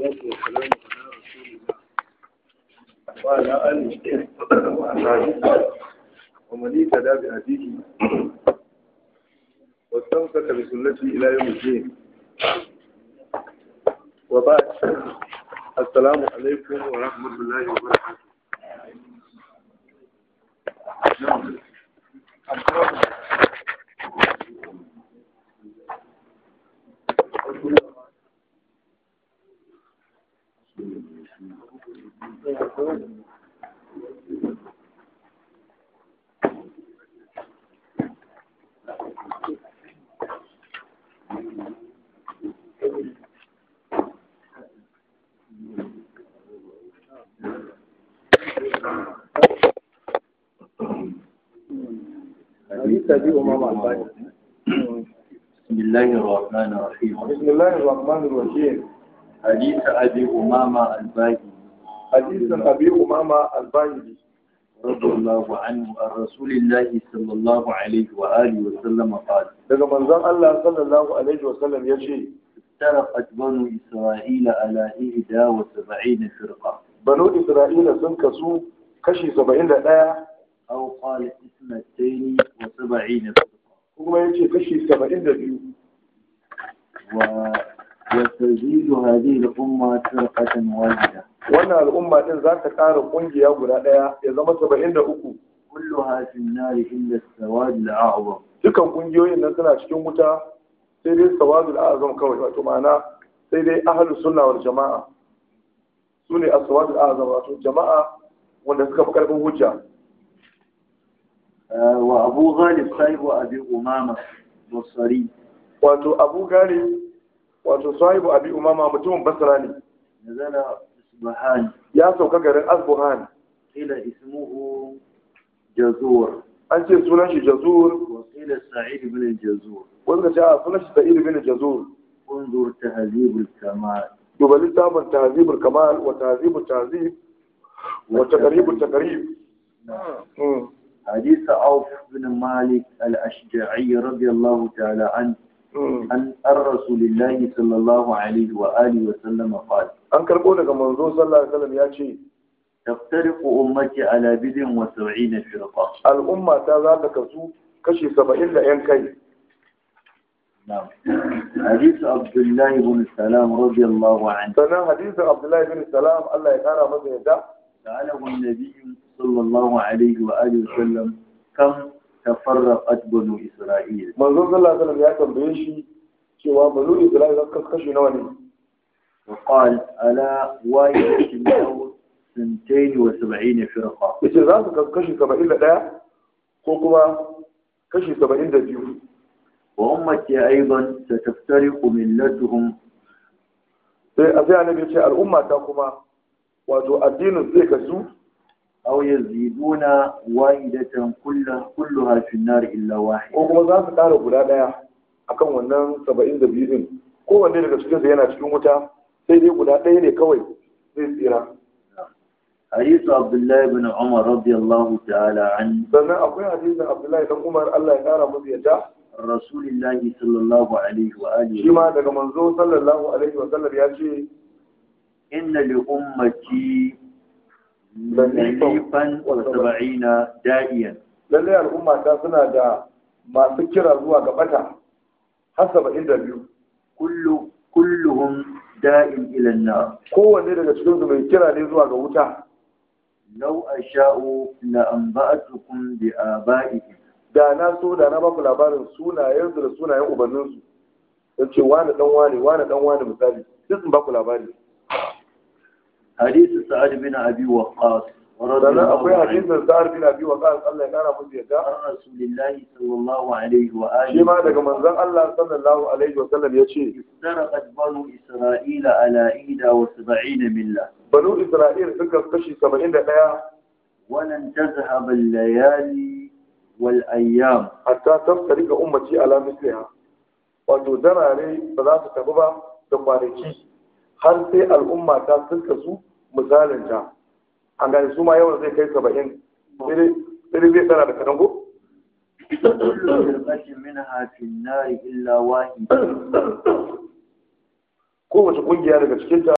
والصلاة والسلام على رسول الله وعلى آله وأصحابه ومن اهتدى بهديه واستمسك بسنته إلى يوم الدين وبعد السلام عليكم ورحمة الله وبركاته Thank you. بسم الله الرحمن الرحيم بسم الله الرحمن الرحيم حديث أبي أمامة الباقي hadisin abi umama al-bahili رضي الله عنه عن رسول الله صلى الله عليه وآله وسلم قال daga manzon Allah sallallahu alaihi wasallam yace افترقت بنو إسرائيل على إهدا وسبعين فرقة بنو إسرائيل سنكسو كشي سبعين لأيا أو قال اثنتين وسبعين فرقة هو يجي كشي سبعين لأيو و... وتزيد هذه الأمة فرقة واحدة wannan al'umma din za ta ƙara ƙungiya guda ɗaya ya zama saba'in da uku kullu hafin nari inda sawadul a'zam dukan ƙungiyoyin nan suna cikin wuta sai dai sawadul a'zam kawai wato ma'ana sai dai ahlus sunna wal jama'a su ne as-sawadul a'zam wato jama'a wanda suka fi ƙarfin hujja eh, wa abu ghalib sahibu abi umama Basari. wato abu ghalib wato sahibu abi umama mutumin basra ne nazala أصبهان يا سو غرين أصبهان قيل اسمه جزور أنت سنة جزور وقيل سعيد بن الجزور وإنك جاء سنة سعيد بن الجزور انظر تهذيب الكمال يبقى لسه تهذيب الكمال وتهذيب التهذيب وتقريب التقريب نعم حديث عوف بن مالك الأشجعي رضي الله تعالى عنه عن الرسول الله صلى الله عليه وآله وسلم قال karbo daga manzo sallallahu alaihi wasallam ya ce taftariqu ummati ala bidin wa 70 firqa al umma ta za ta kasu kashi 70 da yan kai na'am hadith abdullahi ibn salam radiyallahu anhu sanan hadith abdullahi ibn salam Allah ya kara masa yadda ta'ala wa nabi sallallahu alaihi wa alihi wasallam kam tafarraqat banu isra'il manzo sallallahu alaihi wasallam ya tambaye shi cewa banu isra'il kaskashi nawa ne وقال ألا وايت الموت سنتين وسبعين فرقة إذا ذلك كشي سبعين لا كوكما كشي سبعين دبيو وأمتي أيضا ستفترق ملتهم أزيع نبي شيء الأمة تاكما وأجو الدين زي كسو أو يزيدون وايدة كل كلها في النار إلا واحد وكما ذلك قالوا بلا لا أكون ونن سبعين دبيو كون ذلك سكين زينا تكون متى sai dai guda ɗaya ne kawai zai tsira. Hadisu Abdullahi bin Umar radiyallahu ta'ala an. Sannan akwai hadisun Abdullahi dan Umar Allah ya kara musu yadda. Rasulullahi sallallahu alaihi wa alihi. Shi daga manzo sallallahu alaihi wa sallam ya ce. Inna li ummati lalifan wa saba'ina da'iyan. Lallai al'umma suna da masu kira zuwa gabata har saba'in biyu. Kullu da'in ila na kowanne daga cikin su mai kira ne zuwa ga wuta law na la anba'atukum a aba'ikum da na so da na baku labarin sunayen su da sunayen ubannin su ce wani dan wani wani dan wani misali sai sun baku labari hadisi sa'ad bin abi ƙasa. sannan akwai hadisin sa'ar bin abi wa qas Allah ya kara musu yadda an rasulillahi sallallahu alaihi wa alihi shi ma daga manzon Allah sallallahu alaihi wa sallam ya yace istarqat banu isra'ila ala 71 milla banu isra'il suka kashi 71 walan tazhab al-layali wal ayyam hatta tafsarika ummati ala misliha wato darare ba za su tafi ba da kwanaki har sai al'umma ta suka su misalin ta an gane su ma yawan zai kai saba'in sai zai tsara da kadan ko kowace kungiya daga cikinta